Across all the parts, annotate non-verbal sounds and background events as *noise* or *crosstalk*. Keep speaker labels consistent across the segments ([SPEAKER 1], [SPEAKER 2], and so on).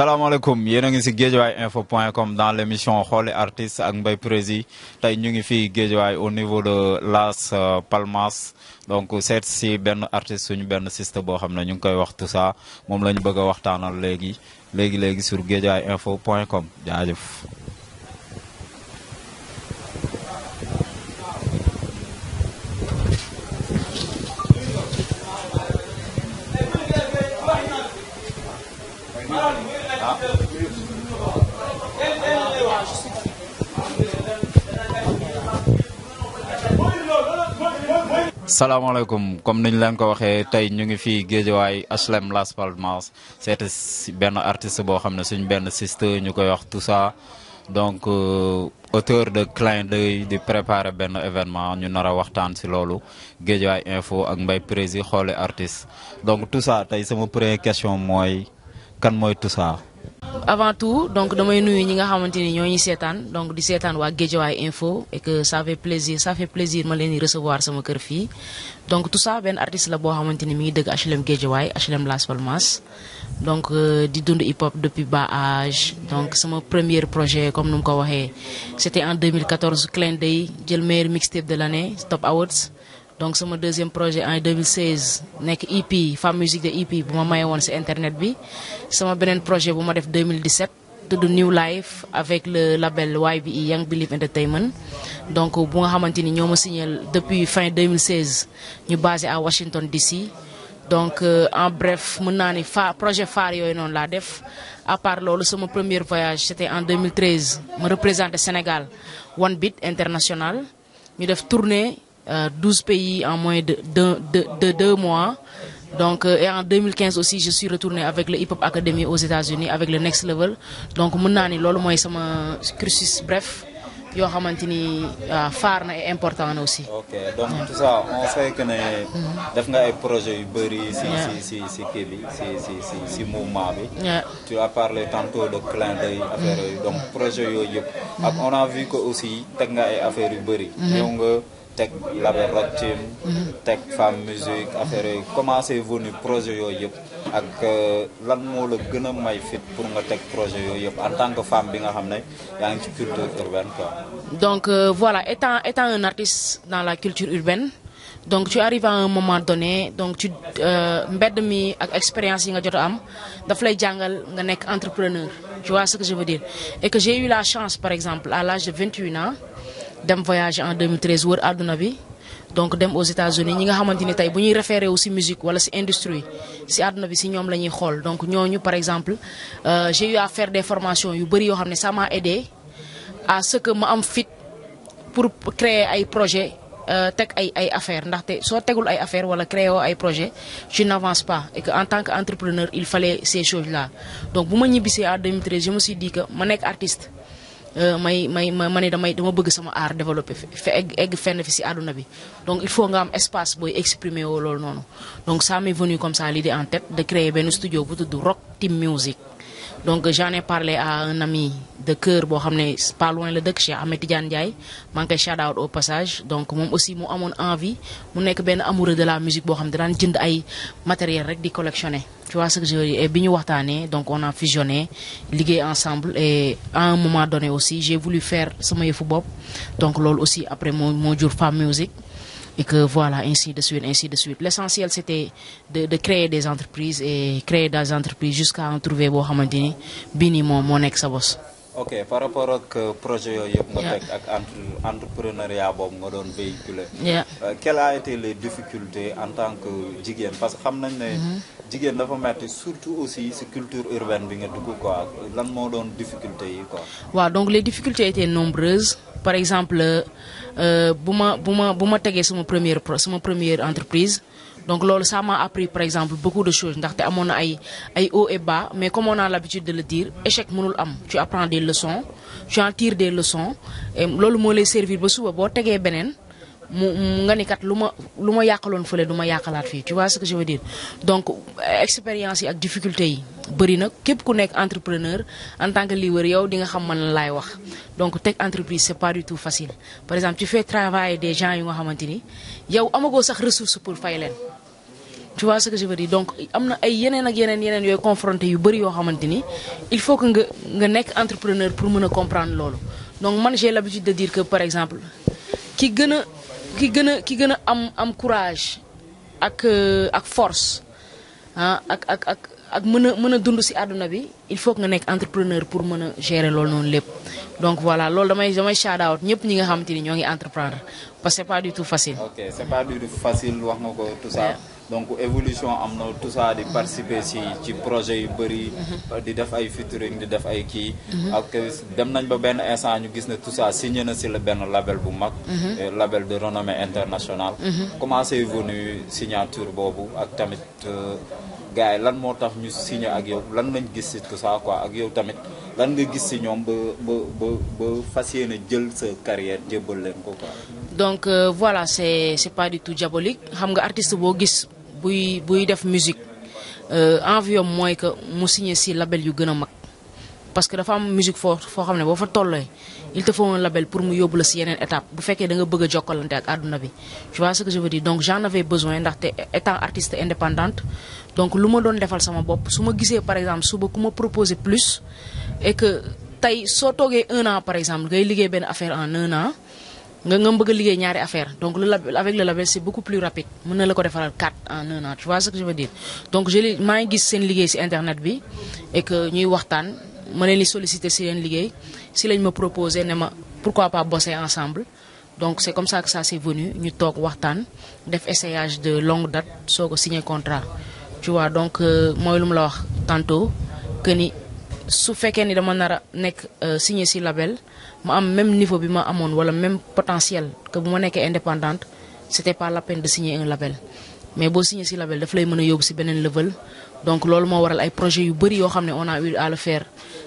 [SPEAKER 1] alaikum. yéen a ngi si géejawaay info point dans l'émission émission artiste ak Mbaye Prési Tay ñu ngi fi géejawaay au niveau de Las euh, Palmas donc c'est si ben artiste suñu ben siste bo xamna ñu koy wax tout ça Mom la bëgg a waxtaanal légui. Légui légui sur géejawaay info point com Salam alaikum, comme nous l'avons dit, nous ñu Las Palmas C'est un artiste qui tout ça donc euh, auteur de clin d'œil de préparer un événement nous info ak Mbaye donc tout ça c'est sama première question moi. kan moi tout ça
[SPEAKER 2] avant tout donc damay nuyu ñi nga 17 ans, donc di info et que ça fait plaisir ça fait plaisir ma recevoir sama mon donc tout ça un artiste qui a xamante mi HLM Guédiawaye HLM Las Palmas donc euh, di de hip hop depuis bas âge donc mon premier projet comme nous ko c'était en 2014 Clin d'œil meilleur mixtape de l'année Top Awards donc mon deuxième projet en 2016 nek EP femme musique de EP Pour ma internet bi mon deuxième projet en def 2017 de New Life avec le label YBE Young Believe Entertainment donc bu nga xamante ñoo depuis fin 2016 ñu basé à Washington DC donc euh, en bref mon projet phare yoy non def à part mon mon premier voyage c'était en 2013 représente le Sénégal One Beat International ñu def tournée 12 euh, pays en moins de, de, de, deux mois. Donc, euh, et en 2015 aussi, je suis retourné avec le Hip Hop Academy aux États-Unis, avec le Next Level. Donc, maintenant, c'est mon cursus bref. Il y ni faar euh, na important aussi.
[SPEAKER 1] ok donc tout ça on sait que ne. def nga ay projets yu bëri. si si si si tu as parlé tantôt de clin d'œil affaire donc projet yooyu yëpp. on a vu que aussi teg nga ay affaires yu bëri. Mm-hmm. Tech label rock team mhm. tech femme musique affaire comment c'est venu projet yooyu ak euh, lan mo la gëna a may fit pour nga tech projet yooyu en tant que femme bi nga xamné ya ci culture urbaine quoi.
[SPEAKER 2] donc euh, voilà étant étant un artiste dans la culture urbaine donc tu arrives à un moment donné donc tu euh, mbedd mi ak expérience yi nga jot a am daf lay jangal nga entrepreneur tu vois ce que je veux dire et que j'ai eu la chance par exemple à l'âge de 21 ans dem voyage en 2013 wër aduna bi donc dem aux États-Unis ñi nga xamante ni tey bu ñuy référé aussi musique wala ci industrie ci aduna bi ci ñom la xol donc ñoñu par exemple euh, j'ai eu à faire des formations yu bari yo xamné ça m'a aidé à ce que ma am fit pour créer ay projet euh, tek ay ay affaire té so tegul ay affaire wala créer ay projet je n'avance pas et que en tant qu'entrepreneur il fallait ces choses là donc bu ma ñibbisee en 2013 je me suis dit que ma nek artiste euh, may may ma ne damay dama bëgg sama art développé fe egg egg fenn fi si aduna bi donc il faut nga am espace pour exprimer woo loolu noonu donc ça m'est venu comme ça l'idée en tête de créer un studio bu tudd Rock Team Music donc j'en ai parlé à un ami de cœur boo xam ne pas loin la dëkk Cheikh Ahmed Tidiane Ndiaye maa ngi koy shout out au passage donc moom aussi mu amoon envie mu nekk benn amoureux de la musique boo xam ne daan jënd ay matériel rek di collectionner tu que je et donc on a fusionné ligué ensemble et à un moment donné aussi j'ai voulu faire ce je football. donc l'ol aussi après mon jour Fam Music et que voilà ainsi de suite ainsi de suite l'essentiel c'était de créer des entreprises et créer des entreprises jusqu'à en trouver mon mon ni mon
[SPEAKER 1] ok par rapport au euh, projet yooyu nga teg ak entrepreneuriat boobu nga doon véhiculé, euh, quelle a été les difficultés en tant que jigéen parce que xam nañ ne mm-hmm. jigéen dafa metti surtout aussi si culture urbaine bi nga dugg quoi lan moo doon difficulté yi
[SPEAKER 2] quoi donc les difficultés étaient nombreuses par exemple euh, euh, Buma ma buma ma première, première première entreprise donc lolo ça m'a appris par exemple beaucoup de choses ndaxte amoon na ay ay haut et bas mais comme on a l'habitude de le dire échec mënul am tu apprends des leçons tu en tires des leçons et lolo moi lay servir ba suba bo tegee benen mu nga ni kat luma luma yakalon ma duma yakalat fi tu vois ce que je veux dire donc expérience yi ak difficulté yi bari na kep ku nek entrepreneur en tant que leader yow di nga xam man lay wax donc teg entreprise c'est pas du tout facile par exemple tu fais travailler des gens yu nga xamante yow amago sax ressources pour fay len tu vois ce que je veux dire donc amna ay yenen ak yenen yenen yoy confronté yu bari yo xamanteni il faut que nga nga entrepreneur pour meuna comprendre lolo donc man j'ai l'habitude de dire que par exemple ki gagne ki gën a ki gën a am am courage ak euh, ak force ah ak ak ak ak mën a mën a dund si àdduna bi il faut que nga nekk entrepreneur pour mën a gérer loolu noonu lépp donc voilà loolu damay damay shout out ñëpp ñi nga xamante ni ñoo ngi entreprendre parce que c'est pas du tout facile. ok
[SPEAKER 1] c'est pas du tout facile wax nga ko tout ça. donc évolution am na tout ça di participer ci ci projet yu bëri. di def ay featuring di def ay kii. Mhm. ak dem nañ ba benn instant ñu gis ne tout ça signé na ci la benn label bu mag. Mhm. label de renommée internationale. Mhm. comment c'est venu signature boobu ak tamit euh, gars lan moo tax ñu signé ak yow lan lañ gis ci tout ça quoi ak yow tamit lan nga gis ci ñoom ba ba ba ba fas jël sa carrière jébbal leen ko quoi.
[SPEAKER 2] donc euh, voilà c'est c'est pas du tout diabolique xam nga artiste boo gis buy buy def musique euh, envie am moi que mu signé si label yu gëna parce que dafa am musique fort fo xamné bo fa tollé il te faut un label pour mu yóbbu ci yenen étape bu féké da nga bëgg a ak aduna bi tu vois ce que je veux dire donc j'en avais besoin d'artiste étant artiste indépendante donc luma don doon defal sama bop suma ma par exemple suba kuma proposer plus et que tay so togué un an par exemple ngay liggé ben affaire en un an nga nga bëgg a liggéey ñaari affaire donc le avec le label c'est beaucoup plus rapide mën na la ko defaral 4 en 1 an tu vois ce que je veux dire donc je li maa ngi gis seen internet bi et que ñuy waxtaan ma leen di solliciter si leen liggéey si lañ ma proposer ne pourquoi pas bosser ensemble donc c'est comme ça que ça s'est venu ñu toog waxtaan def essayage de longue date soo signer un contrat tu vois donc euh, mooy lu mu la wax tantôt que ni su fekkee ni dama nar a nekk euh, signé ci label ma am même niveau bi ma amoon wala même potentiel que bu ma nekkee indépendante c'était pas la peine de signer un label mais boo signé ci label daf lay mën a yóbbu ci beneen level donc loolu moo waral ay projets yu bëri yoo xam on a eu à le faire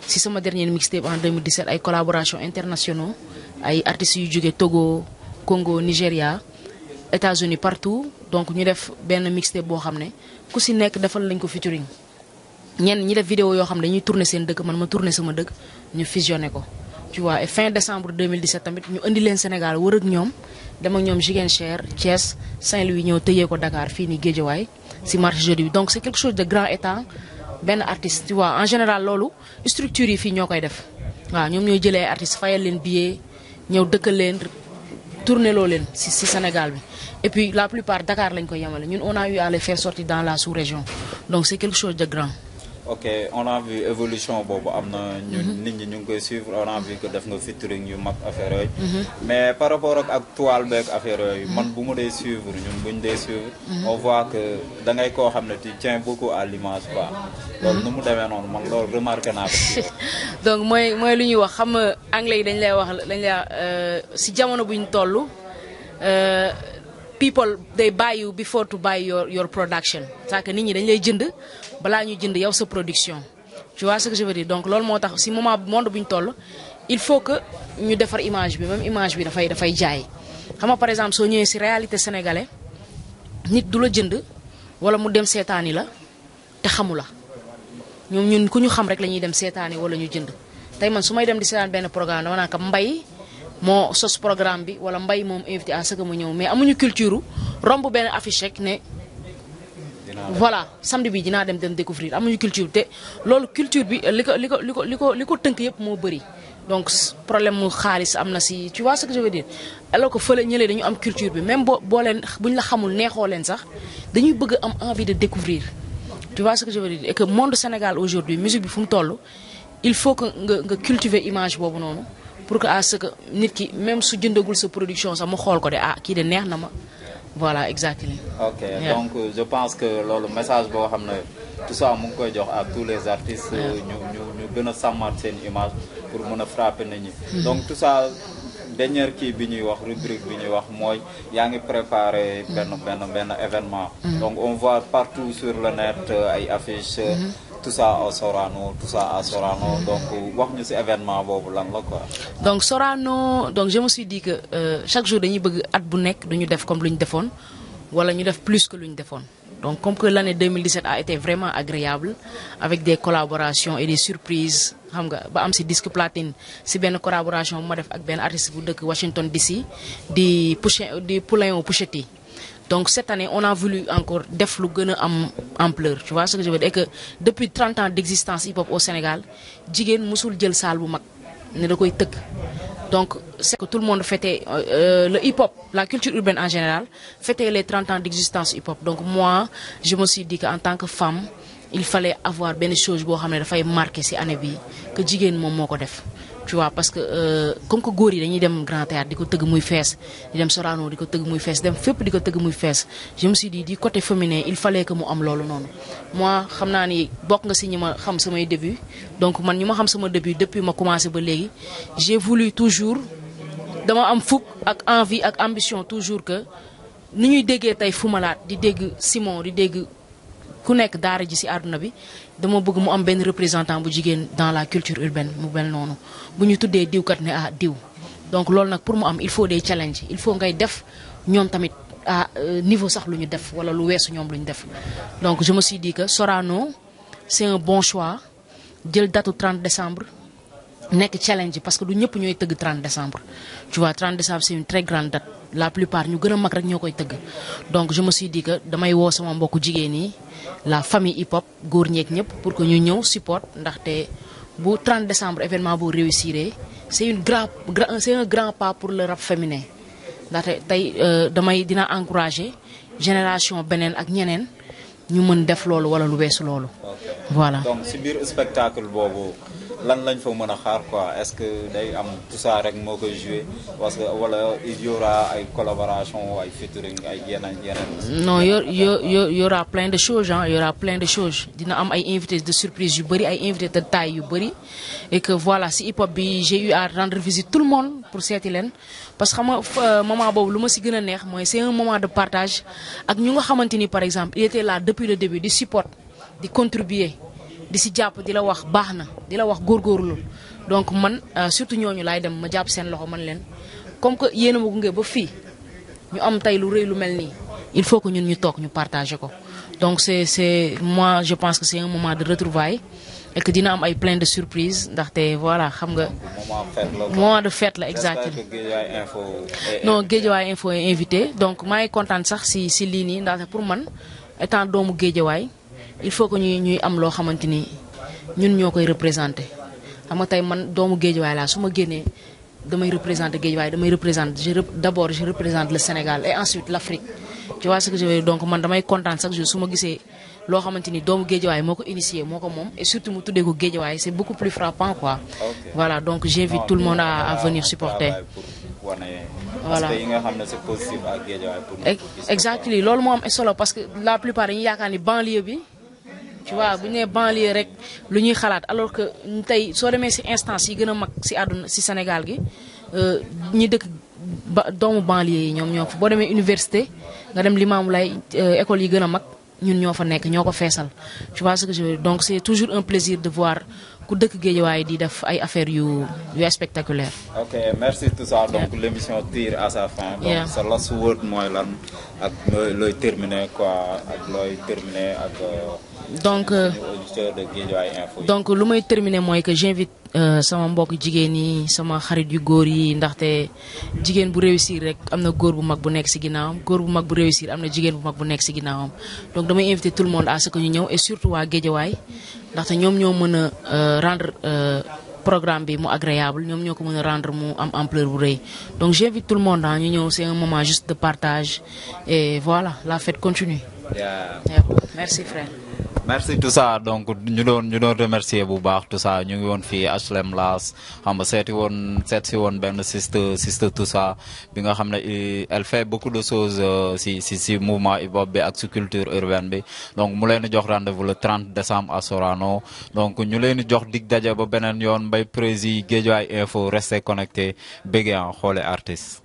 [SPEAKER 2] si sama dernier mixtape en 2017 ay collaboration internationaux ay artistes yu jóge Togo Congo Nigeria, États-Unis partout donc ñu def benn mixtape boo xam ne ku ci nekk defal lañ ko featuring ñenn ñi def vidéo yo xam dañuy tourner seen dëkk man ma tourner sama dëkk ñu fusionné ko tu vois et fin décembre 2017 tamit ñu andi leen Sénégal wër ak ñom dem ak ñoom Cher, Thiès Saint-Louis ñëw teyé ko Dakar fii nii Guédiawaye si marché jeudi donc c'est quelque chose de grand état ben artiste tu vois en général lolu structure yi fi ñoo def wa ñom ñoy jëlé artiste fayal leen billet ñëw dëkkal leen tourner lo leen ci si Sénégal bi et puis la plupart Dakar lañ ko yemale ñun on a eu à les faire sortir dans la sous-région donc c'est quelque chose de grand
[SPEAKER 1] ok on a vu évolution bobu amna na ñun mhm. nit ñi ñu ngi koy suivre on a vu que def nga featuring yu mag affaire yooyu mhm. mais par rapport ak toal beeg affaire yooyu mhm. man bu mu dee suivre ñun buñ ñu dee suivre on voit que da ngay koo xam ne tu tiens beaucoup à l'image quoi loolu nu mu demee noonu man loolu remarqué naa ko
[SPEAKER 2] *laughs* donc mooy mooy lu ñuy wax xam nga anglais yi dañ lay wax dañ lay euh, si jamono buñ toll euh, people they buy you before to buy your your production cest nit ñi dañ lay jënd balaa ñu jënd yow sa production tu waa ce que je veux donc loolu moo tax si moment monde bu ñu toll il faut que ñu defar image bi même image bi dafay dafay jaay xam nga par exemple soo ñëwee si réalité sénégalais nit du la jënd wala mu dem seetaani la te xamu la ñoom ñun ku ñu xam rek la ñuy dem seetaani wala ñu jënd tey man su may dem di seetaan benn programme dama naan ko mbay moo sos programme bi wala mbay moom invité à ce que mu ñëw mais amuñu culture romb ben affiche rek voilà samedi bi dina dem dem découvrir amuñu culture te loolu culture bi li ko li ko li tënk yëpp moo bëri donc problème mu xaalis amna na si tu vois ce que je veux dire alors que fële ñëlee dañu am culture bi même bo boo leen bu la xamul neexoo leen sax dañuy bëgg am envie de découvrir tu vois ce que je veux dire et que monde Sénégal aujourd'hui musique bi fu mu toll il faut que nga cultiver image bobu noonu pour que à ce que nit ki même su jëndagul sa production sax mu xool ko de ah kii de neex na ma voilà exactement.
[SPEAKER 1] ok yeah. donc euh, je pense que loolu message boo xam ne tout ça mu ngi koy jox à tous les artistes. Euh, ñu ñu ñu gën a sàmmaat seen image pour mën a frapper nit ñi. Hmm. donc tout ça dernière kii bi ñuy wax rubrique bi ñuy wax mooy yaa ngi préparé hmm. benn benn benn événement. Hmm. donc on voit partout sur le net euh, ay affiches tout ça à Sorano tout ça à Sorano donc wax ñu ci événement lan
[SPEAKER 2] donc Sorano je me suis dit que euh, chaque jour nous bëgg at bu nekk comme lu ou defoon wala ñu plus que l'une des donc comme que l'année 2017 a été vraiment agréable avec des collaborations et des surprises xam nga ba am ci disque platine bien une collaboration avec ma def artiste Washington DC des poulains au Poulain Pouchetti donc cette année, on a voulu encore défendre en ampleur. Tu vois ce que je veux dire? que depuis 30 ans d'existence hip-hop au Sénégal, Jigen Moussoul Djel Mak, donc, c'est que tout le monde fêtait euh, euh, le hip-hop, la culture urbaine en général, fêtait les 30 ans d'existence hip-hop. Donc, moi, je me suis dit qu'en tant que femme, il fallait avoir des choses qui marquer années année, que Jigen Momoko def tu vois parce que euh, comme que góor yi dañuy dem Grand Théâtre diko teug muy fess di dem Sorano diko teug muy fess dem fep diko teug muy fess je me suis dit du côté féminin il fallait que mu am lolu non. moi xamna ni bok nga si ñi ma xam sama début donc man ñi xam sama début depuis ma commencé ba légui j'ai voulu toujours dama am fukk ak envie ak ambition toujours que ni ñuy déggee tey Fou di dégg Simon di dégg ku nekk daara ji si aduna bi dama bëgg mu am ben représentant bu dans la culture urbaine mu non. noonu des ñu tuddee diwkat ne ah diw donc loolu pour moi, am il faut des challenges il faut ngay def ñoom tamit à ah, euh, niveau sax lu def wala lu def donc je me suis dit que Sorano c'est un bon choix date au 30 décembre nekk challenge parce que du ñëpp être le 30 décembre tu vois 30 décembre c'est une très grande date la plupart ñu gëna a mag rek ñokoy teug donc je me suis dit que damay wo sama mbokk jigéen yi la famille hip hop góor pour que ñu ñëw support té bu 30 décembre événement bu réussiré c'est une grand c'est un grand pas pour le rap féminin ndaxte tey euh, damay dina encourager génération benen ak ñenen ñu mën def lolu wala lu weesu lolu
[SPEAKER 1] voilà donc ci bir spectacle bobu lan lañ fa mën xaar quoi est-ce que day am tout ça rek que koy joué parce que wala il y aura ay collaboration ay featuring ay yeneen yeneen.
[SPEAKER 2] non yo y aura plein de choses il hein. y aura plein de choses dina am ay invités de surprise yu bëri ay invités de taille yu bëri et que voilà si hip hop bi j'ai eu à rendre visite tout le monde pour cette leen parce que xam nga euh, moment boobu lu ma si gën neex c'est un moment de partage ak ñu nga xamante par exemple il était là depuis le début di support di contribuer di si jàpp di la wax baxna di la wax góorgóorlu donc man euh, surtout ñooñu lay dem ma jàpp sen loxo man len comme que yéen mo ma gunge ba fi ñu am tay lu reuy lu melni il faut que ñun ñu tok ñu partager ko donc c'est c'est moi je pense que c'est un moment de retrouvailles et que dina am ay plein de surprises té voilà xam nga.
[SPEAKER 1] moment de fête la exactement. non
[SPEAKER 2] Guédiawaye info est invité donc maa ngi kontaan sax si si lini nii pour man étant doomu Guédiawaye il faut que ñuy ñuy am lo xamanteni ñun ñoo représenter xam nga tay man doomu géejuwaay laa su ma génnee damay représenté géejuwaay damay représenté je d' je représente le Sénégal et ensuite l'afrique tu vois ce que je veux donc man damay kontaan chaque jour suma gissé lo xamanteni doomu géejawaay moo ko initié moo ko et surtout mu tuddee ko géejawaay c' beaucoup plus frappant quoi
[SPEAKER 1] voilà donc j'invite tout le monde à à venir supporter voilà
[SPEAKER 2] exactement loolu moo am parce que la plupart y a quand banlieue bi tu vois bu ñé nee banlieue rek lu ñuy xalaat alors que tay so démé ci instance yi gëna mag ci aduna ci Sénégal gi euh ñi dëkk ba doomu banlieue yi ñom ñoo fa boo demee université nga dem lay euh, école yi gëna mag ñun ñoo fa nekk ñoo ko tu vois ce que je veux donc c'est toujours un plaisir de voir ku dëkk Guédiawaye di def ay affaire yu yu spectaculaire
[SPEAKER 1] ok merci tout ça donc yeah. l'émission tire à sa fin donc yeah. sa last word mooy lan ak looy terminer quoi ak looy terminer ak euh, donc euh,
[SPEAKER 2] donc lu may terminer que j'invite euh, sama mbokk jigéen yi sama xarit yu góor yi ndaxte jigéen bu réussir rek am na góor bu mag bu nekk ci ginnaawam góor bu mag bu réussir am na bu mag bu nekk ci ginnaawam donc damay inviter tout le monde à ce que ñu ñëw et surtout à Géejawaay ndaxte ñoom ñoo mën a euh, rendre programme bi mu agréable ñoom ñoo ko rendre mu am ampleur bu rëy donc j'invite tout le monde à hein, ñu ñëw c'est un moment juste de partage et voilà la fête continue. merci frère
[SPEAKER 1] merci tout ça donc ñu doon ñu doon remercier bu baax tout ça ñu ngi won fi HLM Las xam nga seeti woon seet si woon benn sister sister tout ça bi nga xamné elle fait beaucoup de choses euh, si si si mouvement hip hop bi ak si culture urbaine bi donc mu leen jox rendez-vous le 30 décembre à Sorano donc ñu leen jox dig daje ba benen yoon Mbaye Prési Guédiawaye info restez connecté en xolé artiste